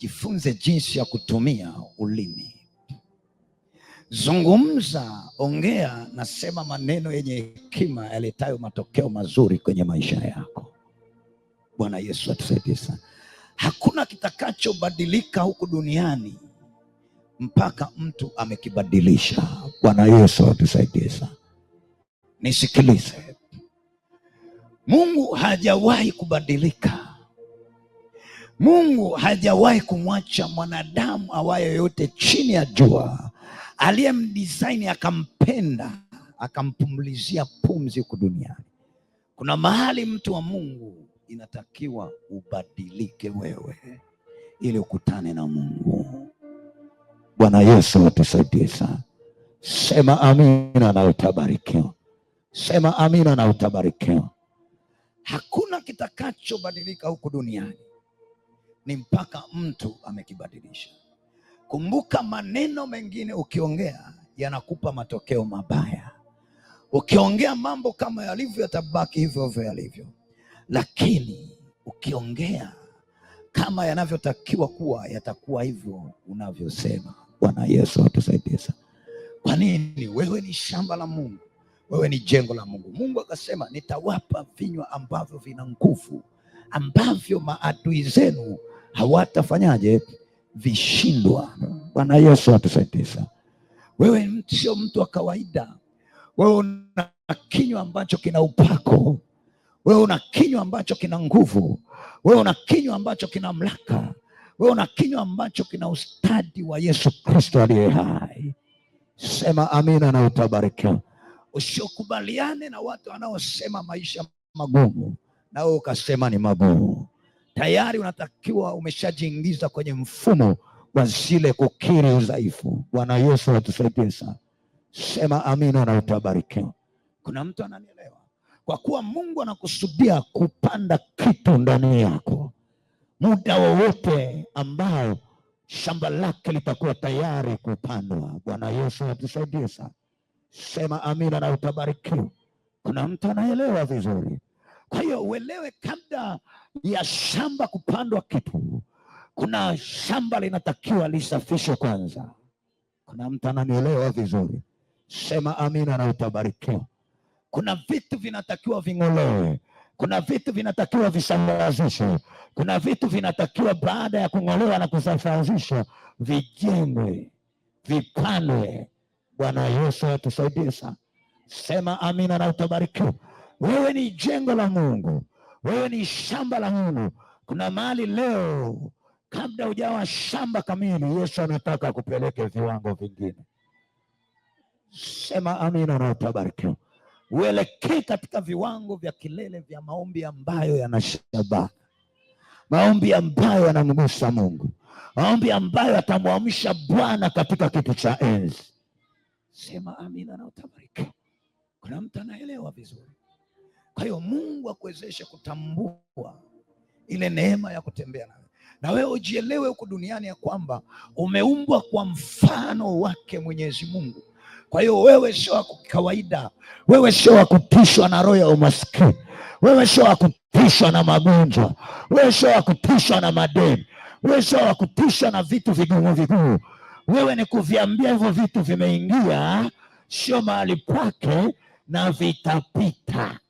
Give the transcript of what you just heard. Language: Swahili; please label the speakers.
Speaker 1: jifunze jinsi ya kutumia ulimi. Zungumza, ongea na sema maneno yenye hekima yaletayo matokeo mazuri kwenye maisha yako. Bwana Yesu atusaidie sana. Hakuna kitakachobadilika huku duniani mpaka mtu amekibadilisha. Bwana Yesu atusaidie sana. Nisikilize, Mungu hajawahi kubadilika. Mungu hajawahi kumwacha mwanadamu awaye yote chini ya jua aliyemdisaini akampenda akampumlizia pumzi huku duniani. Kuna mahali mtu wa Mungu inatakiwa ubadilike wewe ili ukutane na Mungu. Bwana Yesu atusaidie sana. Sema amina na utabarikiwa. Sema amina na utabarikiwa. Hakuna kitakachobadilika huku duniani ni mpaka mtu amekibadilisha. Kumbuka, maneno mengine ukiongea yanakupa matokeo mabaya. Ukiongea mambo kama yalivyo, yatabaki hivyo hivyo yalivyo, lakini ukiongea kama yanavyotakiwa kuwa, yatakuwa hivyo unavyosema. Bwana Yesu atusaidie sana. Kwa nini? Wewe ni shamba la Mungu, wewe ni jengo la Mungu. Mungu akasema, nitawapa vinywa ambavyo vina nguvu, ambavyo maadui zenu hawatafanyaje? Vishindwa. Bwana Yesu atusaidie Wewe sio mtu wa kawaida, wewe una kinywa ambacho kina upako, wewe una kinywa ambacho kina nguvu, wewe una kinywa ambacho kina mlaka, wewe una kinywa ambacho kina ustadi wa Yesu Kristo aliye hai. Sema amina na utabarikiwa. Usiokubaliane na watu wanaosema maisha magumu, na wewe ukasema ni magumu tayari unatakiwa umeshajiingiza kwenye mfumo wa zile kukiri udhaifu. Bwana Yesu atusaidie sana, sema amina na utabarikiwa. Kuna mtu ananielewa? Kwa kuwa Mungu anakusudia kupanda kitu ndani yako muda wowote ambao shamba lake litakuwa tayari kupandwa. Bwana Yesu atusaidie sana, sema amina na utabarikiwa. Kuna mtu anaelewa vizuri? Kwa hiyo uelewe, kabla ya shamba kupandwa kitu, kuna shamba linatakiwa lisafishwe kwanza. Kuna mtu ananielewa vizuri? Sema amina na utabarikiwa. Kuna vitu vinatakiwa ving'olewe kuna vitu vinatakiwa visambazishwe. Kuna vitu vinatakiwa baada ya kung'olewa na kusafazishwa vijengwe, vipandwe. Bwana Yesu atusaidie sana. Sema amina na utabarikiwa. Wewe ni jengo la Mungu, wewe ni shamba la Mungu. Kuna mahali leo, kabla hujawa shamba kamili, Yesu anataka kupeleke viwango vingine. Sema amina na utabarikiwa. Uelekee katika viwango vya kilele vya maombi ambayo yanashaba maombi ambayo yanamgusa Mungu, maombi ambayo atamwamsha Bwana katika kitu cha enzi. Sema amina na utabarikiwa. Kuna mtu anaelewa vizuri. Kwa hiyo Mungu akuwezeshe kutambua ile neema ya kutembea nawe, na wewe ujielewe huku duniani ya kwamba umeumbwa kwa mfano wake Mwenyezi Mungu. Kwa hiyo wewe sio wa kawaida, wewe sio wa kutishwa na roho ya umaskini, wewe sio wa kutishwa na magonjwa, wewe sio wa kutishwa na madeni, wewe sio wa kutishwa na vitu vigumu vigumu. Wewe ni kuviambia hivyo vitu vimeingia, sio mahali pake na vitapita.